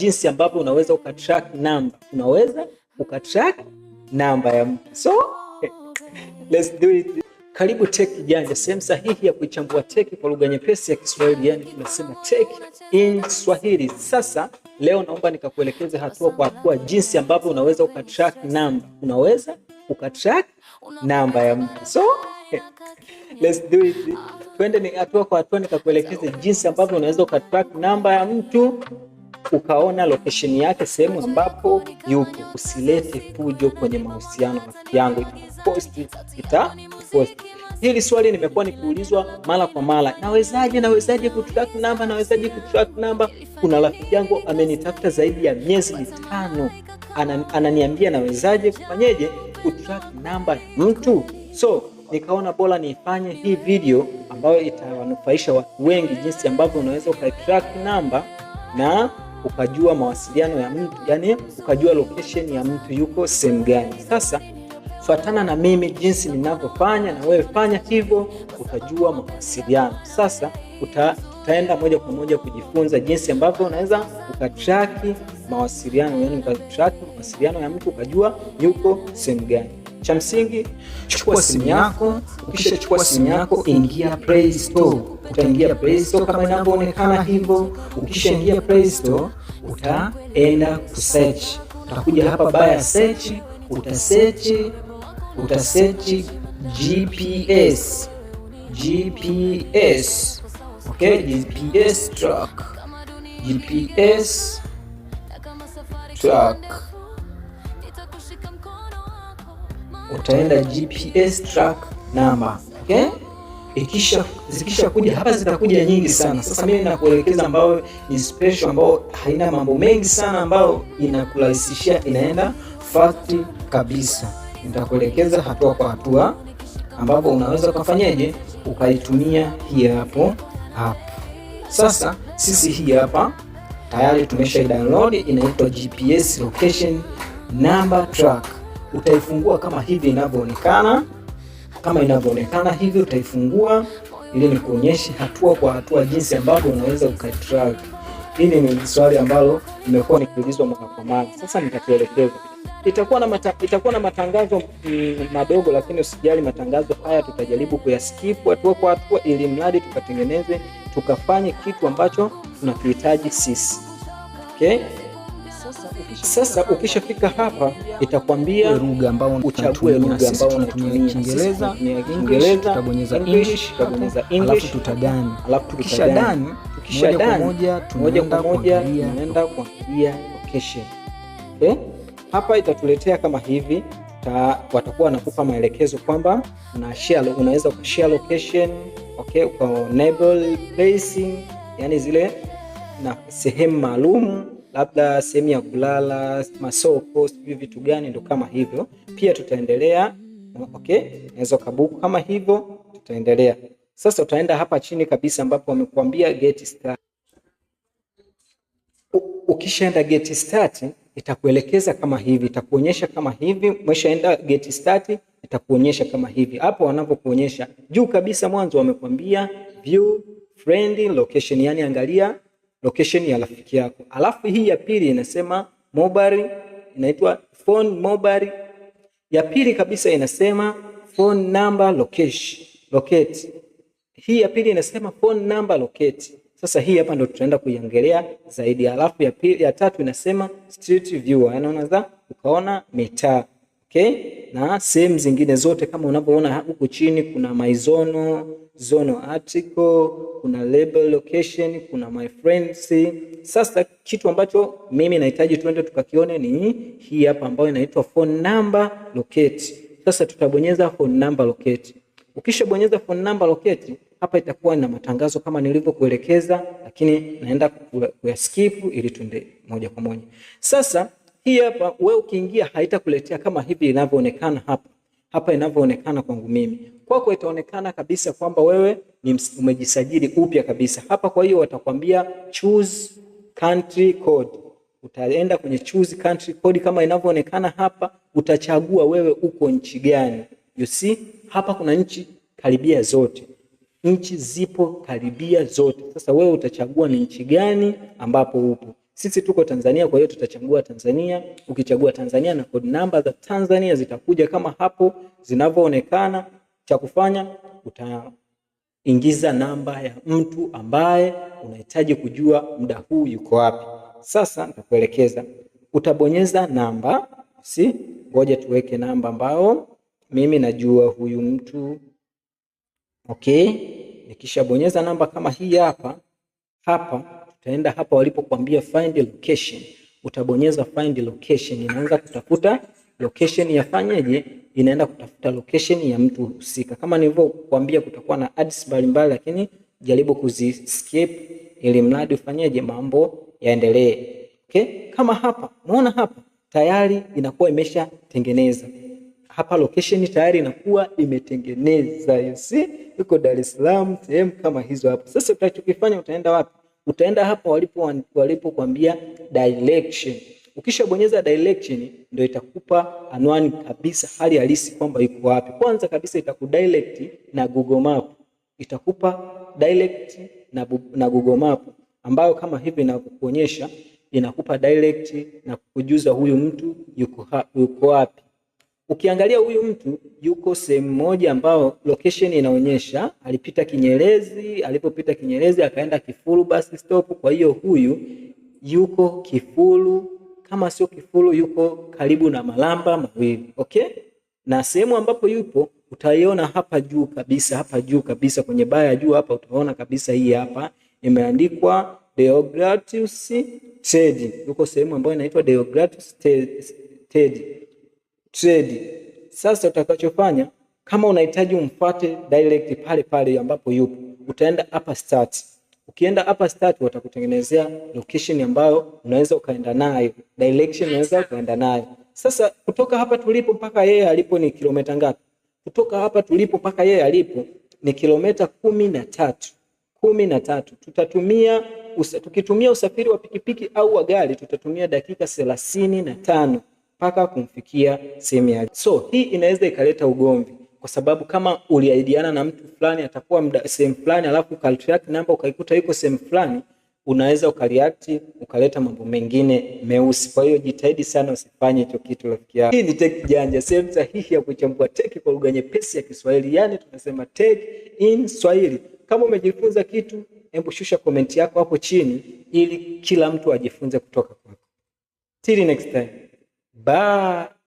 jinsi ambavyo unaweza ukatrack namba, unaweza ukatrack namba ya mtu. So let's do it. Karibu Tech Kijanja, sehemu sahihi ya kuichambua tech kwa lugha nyepesi ya Kiswahili, yani tunasema Tech in Swahili. Sasa leo naomba nikakuelekeze hatua kwa hatua jinsi ambavyo unaweza ukatrack namba, unaweza ukatrack namba ya mtu. So let's do it. Twende ni hatua kwa hatua nikakuelekeze jinsi ambavyo unaweza ukatrack namba ya mtu ukaona location yake, sehemu ambapo yupo. Usilete fujo kwenye mahusiano, rafiki yangu, itakuposti itakuposti. Hili swali nimekuwa nikiulizwa mara kwa mara, nawezaje nawezaje kutrack namba, nawezaje kutrack namba. Kuna rafiki yangu amenitafuta zaidi ya miezi mitano, ananiambia ana nawezaje kufanyeje kutrack namba mtu. So nikaona bora nifanye hii video ambayo itawanufaisha watu wengi, jinsi ambavyo unaweza ukatrack namba na ukajua mawasiliano ya mtu, yani ukajua location ya mtu yuko sehemu gani. Sasa fuatana na mimi jinsi ninavyofanya, na wewe fanya hivyo, utajua mawasiliano. Sasa uta, utaenda moja kwa moja kujifunza jinsi ambavyo unaweza ukatraki mawasiliano, yani ukatraki mawasiliano ya mtu ukajua yuko sehemu gani. Cha msingi chukua simu yako, chukua simu yako ingia Play Store. Utaingia Play Store kama inavyoonekana hivyo. Ukishaingia Play Store utaenda kusearch, utakuja hapa baya search, utasearch utasearch GPS GPS, okay, GPS truck, GPS truck utaenda GPS track number okay? Ikisha, zikisha kuja hapa zitakuja nyingi sana. Sasa mimi nakuelekeza ambayo ni special, ambayo haina mambo mengi sana, ambayo inakurahisishia, inaenda fast kabisa. Nitakuelekeza hatua kwa hatua ambapo unaweza ukafanyaje ukaitumia hii hapo hapo. Sasa sisi hii hapa tayari tumesha download, inaitwa GPS location number track utaifungua kama hivi inavyoonekana, kama inavyoonekana hivi utaifungua, ili nikuonyeshe hatua kwa hatua jinsi ambavyo unaweza ukatrack. Hili ni swali ambalo nimekuwa nikiulizwa mara kwa mara, sasa nitakuelekeza. Itakuwa na mata, itakuwa na matangazo mm, madogo, lakini usijali, matangazo haya tutajaribu kuyaskip hatua kwa hatua, ili mradi tukatengeneze tukafanye kitu ambacho tunakihitaji sisi okay? Sasa ukishafika hapa itakwambia lugha ambayo unachagua, lugha ambayo unatumia Kiingereza, Kiingereza utabonyeza English, utabonyeza English, alafu tutadani. Alafu tukishadani, tukishadani moja kwa moja tunaenda kuangalia location. Okay? Eh? Hapa itatuletea kama hivi ta, watakuwa wanakupa maelekezo kwamba una share, unaweza ku share location okay, kwa enable placing, yani zile na sehemu maalum labda sehemu ya kulala, masoko, sijui vitu gani, ndo kama hivyo. Pia tutaendelea okay, naweza kabuku kama hivyo, tutaendelea sasa. Utaenda hapa chini kabisa, ambapo wamekuambia get start. Ukishaenda get start, itakuelekeza kama hivi, itakuonyesha kama hivi. Umeshaenda get start, itakuonyesha kama hivi. Hapo wanavyokuonyesha juu kabisa, mwanzo wamekuambia view friend location, yani angalia location ya rafiki yako. Alafu hii ya pili inasema mobile, inaitwa phone mobile. Ya pili kabisa inasema phone number location locate. Hii ya pili inasema phone number locate. Sasa hii hapa ndio tutaenda kuiangalia zaidi. Alafu ya pili, ya tatu inasema street view, yani unaweza ukaona mitaa okay, na sehemu zingine zote kama unavyoona huku chini kuna maizono zonal article, kuna label location, kuna my friends. Sasa kitu ambacho mimi nahitaji tuende tukakione ni hii hapa ambayo inaitwa phone number locate. Sasa tutabonyeza phone number locate. Ukishabonyeza phone number locate, hapa itakuwa na matangazo kama nilivyokuelekeza, lakini naenda kuyaskip ili tuende moja kwa moja. Sasa hii hapa wewe ukiingia haitakuletea kama hivi inavyoonekana hapa hapa inavyoonekana kwangu mimi. Kwako itaonekana kabisa kwamba wewe ni umejisajili upya kabisa hapa. Kwa hiyo watakwambia choose country code, utaenda kwenye choose country code kama inavyoonekana hapa, utachagua wewe uko nchi gani. You see hapa kuna nchi karibia zote, nchi zipo karibia zote. Sasa wewe utachagua ni nchi gani ambapo upo. Sisi tuko Tanzania, kwa hiyo tutachagua Tanzania. Ukichagua Tanzania na code number za Tanzania zitakuja kama hapo zinavyoonekana. Cha kufanya utaingiza namba ya mtu ambaye unahitaji kujua muda huu yuko wapi. Sasa nitakuelekeza, utabonyeza namba, si ngoja tuweke namba ambao mimi najua huyu mtu okay. Nikishabonyeza namba kama hii hapa hapa utaenda hapa walipokuambia find location, utabonyeza find location, inaanza kutafuta location ya fanyeje, inaenda kutafuta location ya mtu husika. Kama nilivyokuambia, kutakuwa na ads mbalimbali, lakini jaribu kuziskip ili mradi ufanyeje, mambo yaendelee. Okay, kama hapa muona hapa tayari inakuwa imeshatengeneza hapa location tayari inakuwa imetengeneza, you see, yuko Dar es Salaam, sehemu kama hizo hapo. Sasa utachokifanya utaenda wapi? utaenda hapo walipo walipokuambia direction. Ukishabonyeza direction, ndio itakupa anwani kabisa hali halisi kwamba iko wapi. Kwanza kabisa itakudirect na Google Map, itakupa direct na, na Google Map ambayo kama hivi inakuonyesha, inakupa direct na kukujuza huyu mtu yuko, yuko wapi Ukiangalia huyu mtu yuko sehemu moja ambao location inaonyesha alipita Kinyerezi, alipopita Kinyerezi akaenda Kifulu bus stop. Kwa hiyo huyu yuko Kifulu, kama sio Kifulu yuko karibu na Malamba mawili, okay? Na sehemu ambapo yupo utaiona hapa juu kabisa, hapa juu kabisa kwenye baya ya juu hapa, utaona kabisa hii hapa imeandikwa Deogratius Ted. Yuko sehemu ambayo inaitwa Deogratius Ted trade. Sasa utakachofanya kama unahitaji umfuate direct pale pale ambapo yupo, utaenda hapa start. Ukienda hapa start, watakutengenezea location ambayo unaweza ukaenda nayo, direction unaweza ukaenda nayo. Sasa kutoka hapa tulipo mpaka yeye alipo ni kilomita ngapi? Kutoka hapa tulipo mpaka yeye alipo ni kilomita kumi na tatu kumi na tatu. Tutatumia usa, tukitumia usafiri wa pikipiki au wa gari tutatumia dakika thelathini na tano mpaka kumfikia sehemu ya So hii inaweza ikaleta ugomvi kwa sababu kama uliahidiana na mtu fulani atakuwa mda sehemu fulani, alafu ukaltrack namba ukaikuta yuko sehemu fulani, unaweza ukareact ukaleta mambo mengine meusi. Kwa hiyo jitahidi sana usifanye hicho kitu rafiki yako. Hii ni Tech Janja, sehemu sahihi ya kuchambua tech kwa lugha nyepesi ya Kiswahili, yani tunasema tech in Swahili. Kama umejifunza kitu, hebu shusha komenti yako hapo chini ili kila mtu ajifunze kutoka kwako. Till next time. Bye.